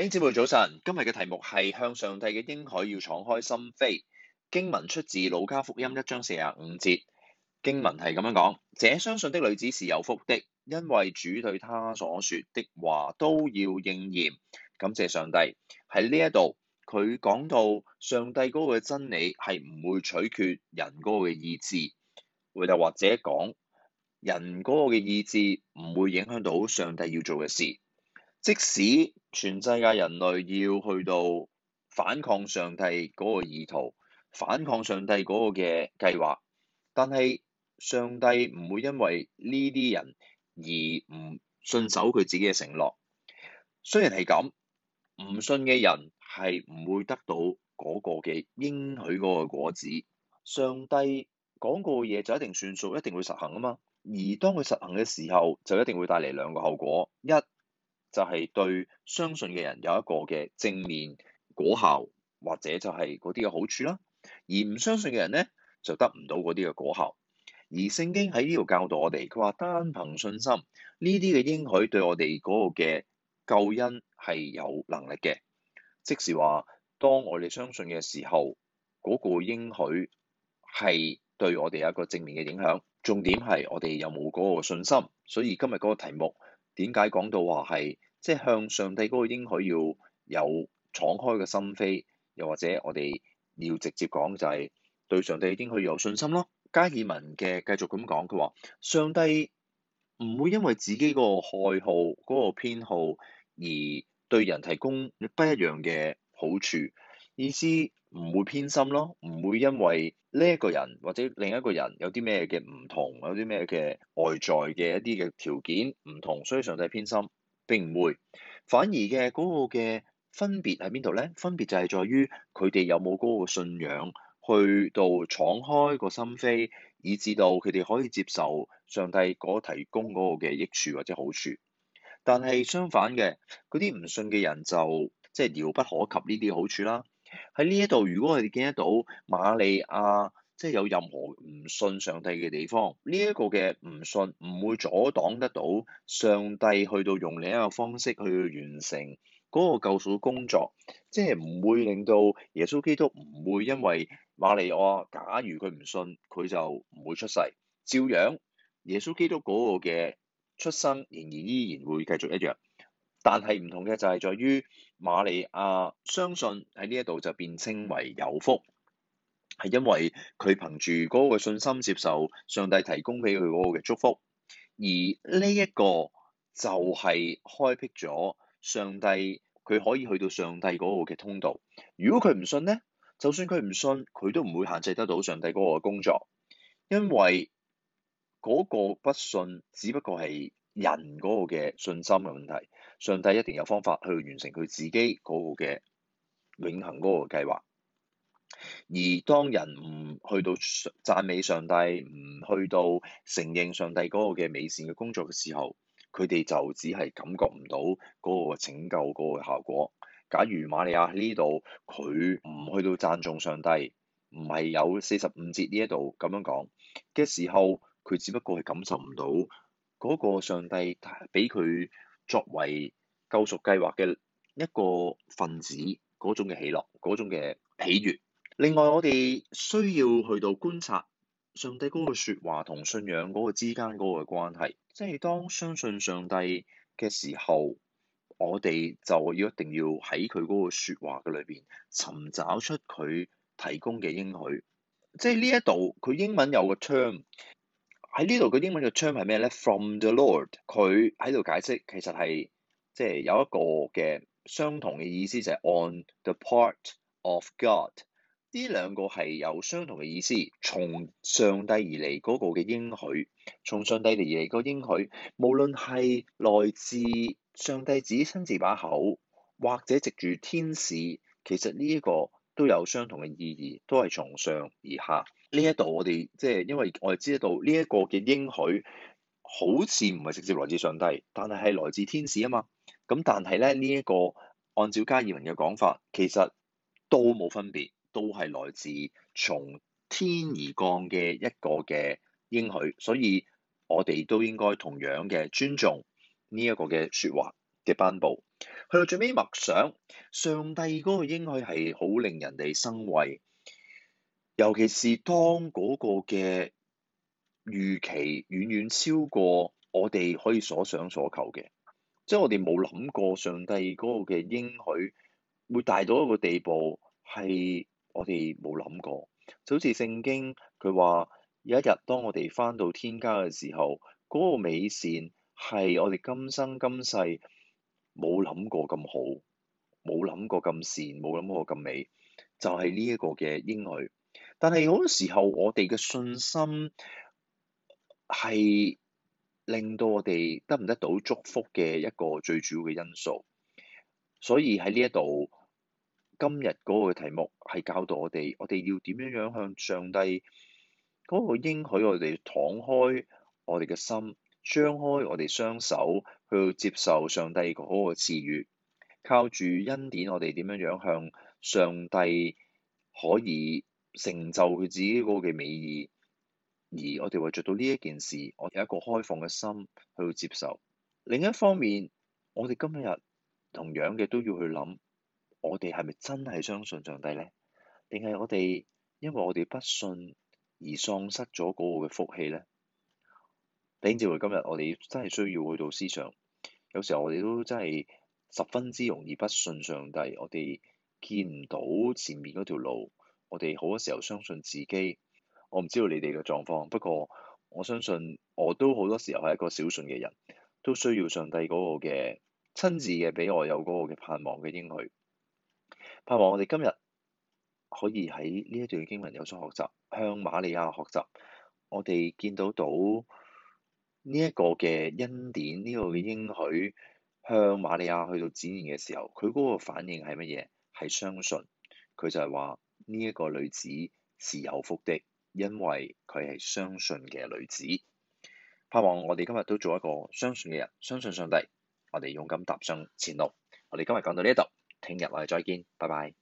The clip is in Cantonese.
弟兄姊妹早晨，今日嘅題目係向上帝嘅應許要敞開心扉，經文出自《路加福音》一章四十五節。經文係咁樣講：這相信的女子是有福的，因為主對她所說的話都要應驗。感謝上帝喺呢一度，佢講到上帝嗰個嘅真理係唔會取決人嗰個嘅意志，回頭或者講人嗰個嘅意志唔會影響到上帝要做嘅事。即使全世界人類要去到反抗上帝嗰個意圖，反抗上帝嗰個嘅計劃，但係上帝唔會因為呢啲人而唔信守佢自己嘅承諾。雖然係咁，唔信嘅人係唔會得到嗰個嘅應許嗰個果子。上帝講過嘅嘢就一定算數，一定會實行啊嘛。而當佢實行嘅時候，就一定會帶嚟兩個後果，一。就係對相信嘅人有一個嘅正面果效，或者就係嗰啲嘅好處啦。而唔相信嘅人咧，就得唔到嗰啲嘅果效。而聖經喺呢度教導我哋，佢話單憑信心，呢啲嘅應許對我哋嗰個嘅救恩係有能力嘅。即是話，當我哋相信嘅時候，嗰個應許係對我哋有一個正面嘅影響。重點係我哋有冇嗰個信心。所以今日嗰個題目。點解講到話係，即、就、係、是、向上帝嗰個應許要有敞開嘅心扉，又或者我哋要直接講就係對上帝應許有信心咯。加爾文嘅繼續咁講，佢話上帝唔會因為自己個愛好嗰、那個偏好而對人提供不一樣嘅好處，意思。唔會偏心咯，唔會因為呢一個人或者另一個人有啲咩嘅唔同，有啲咩嘅外在嘅一啲嘅條件唔同，所以上帝偏心並唔會。反而嘅嗰個嘅分別喺邊度咧？分別就係在於佢哋有冇嗰個信仰，去到敞開個心扉，以至到佢哋可以接受上帝嗰提供嗰個嘅益處或者好處。但係相反嘅嗰啲唔信嘅人就即係遙不可及呢啲好處啦。喺呢一度，如果我哋見得到馬利亞即係、就是、有任何唔信上帝嘅地方，呢、這、一個嘅唔信唔會阻擋得到上帝去到用另一個方式去完成嗰個救贖工作，即係唔會令到耶穌基督唔會因為馬利亞，假如佢唔信，佢就唔會出世，照樣耶穌基督嗰個嘅出生仍然依然會繼續一樣。但係唔同嘅就係在於馬利亞相信喺呢一度就變稱為有福，係因為佢憑住嗰個信心接受上帝提供俾佢嗰個嘅祝福，而呢一個就係開辟咗上帝佢可以去到上帝嗰個嘅通道。如果佢唔信呢，就算佢唔信，佢都唔會限制得到上帝嗰個工作，因為嗰個不信只不過係。人嗰個嘅信心嘅問題，上帝一定有方法去完成佢自己嗰個嘅永恆嗰個計劃。而當人唔去到讚美上帝，唔去到承認上帝嗰個嘅美善嘅工作嘅時候，佢哋就只係感覺唔到嗰個拯救嗰個效果。假如瑪利亞喺呢度，佢唔去到讚頌上帝，唔係有四十五節呢一度咁樣講嘅時候，佢只不過係感受唔到。嗰個上帝俾佢作為救贖計劃嘅一個分子，嗰種嘅喜樂，嗰種嘅喜悅。另外，我哋需要去到觀察上帝嗰個説話同信仰嗰個之間嗰個關係。即係當相信上帝嘅時候，我哋就要一定要喺佢嗰個説話嘅裏邊尋找出佢提供嘅應許。即係呢一度，佢英文有個 term。喺呢度嘅英文嘅 term 係咩咧？From the Lord，佢喺度解釋其實係即係有一個嘅相同嘅意思就係、是、on the part of God，呢兩個係有相同嘅意思，從上帝而嚟嗰個嘅應許，從上帝而嚟個應許，無論係來自上帝自己親自把口，或者藉住天使，其實呢一個都有相同嘅意義，都係從上而下。呢一度我哋即係因為我哋知道呢一個嘅應許好似唔係直接來自上帝，但係係來自天使啊嘛。咁但係咧，呢一個按照加爾文嘅講法，其實都冇分別，都係來自從天而降嘅一個嘅應許，所以我哋都應該同樣嘅尊重呢一個嘅説話嘅頒布。去到最尾，默想上帝嗰個應許係好令人哋生畏。尤其是當嗰個嘅預期遠遠超過我哋可以所想所求嘅，即係我哋冇諗過上帝嗰個嘅應許會大到一個地步，係我哋冇諗過。就好似聖經佢話：有一日當我哋翻到天家嘅時候，嗰個美善係我哋今生今世冇諗過咁好，冇諗過咁善，冇諗過咁美，就係呢一個嘅應許。但係好多時候，我哋嘅信心係令到我哋得唔得到祝福嘅一個最主要嘅因素。所以喺呢一度，今日嗰個題目係教導我哋，我哋要點樣樣向上帝嗰個應許，我哋敞開我哋嘅心，張開我哋雙手去接受上帝嗰個賜予，靠住恩典，我哋點樣樣向上帝可以。成就佢自己嗰個嘅美意，而我哋為著到呢一件事，我哋有一個開放嘅心去接受。另一方面，我哋今日同樣嘅都要去諗，我哋係咪真係相信上帝呢？定係我哋因為我哋不信而喪失咗嗰個嘅福氣呢？頂至我今日，我哋真係需要去到思想。有時候我哋都真係十分之容易不信上帝，我哋見唔到前面嗰條路。我哋好多時候相信自己，我唔知道你哋嘅狀況。不過我相信，我都好多時候係一個小信嘅人，都需要上帝嗰個嘅親自嘅俾我有嗰個嘅盼望嘅應許。盼望我哋今日可以喺呢一段經文有所學習，向瑪利亞學習。我哋見到到呢一個嘅恩典，呢個嘅應許，向瑪利亞去到展現嘅時候，佢嗰個反應係乜嘢？係相信。佢就係話。呢一個女子是有福的，因為佢係相信嘅女子，盼望我哋今日都做一個相信嘅人，相信上帝，我哋勇敢踏上前路。我哋今日講到呢一度，聽日我哋再見，拜拜。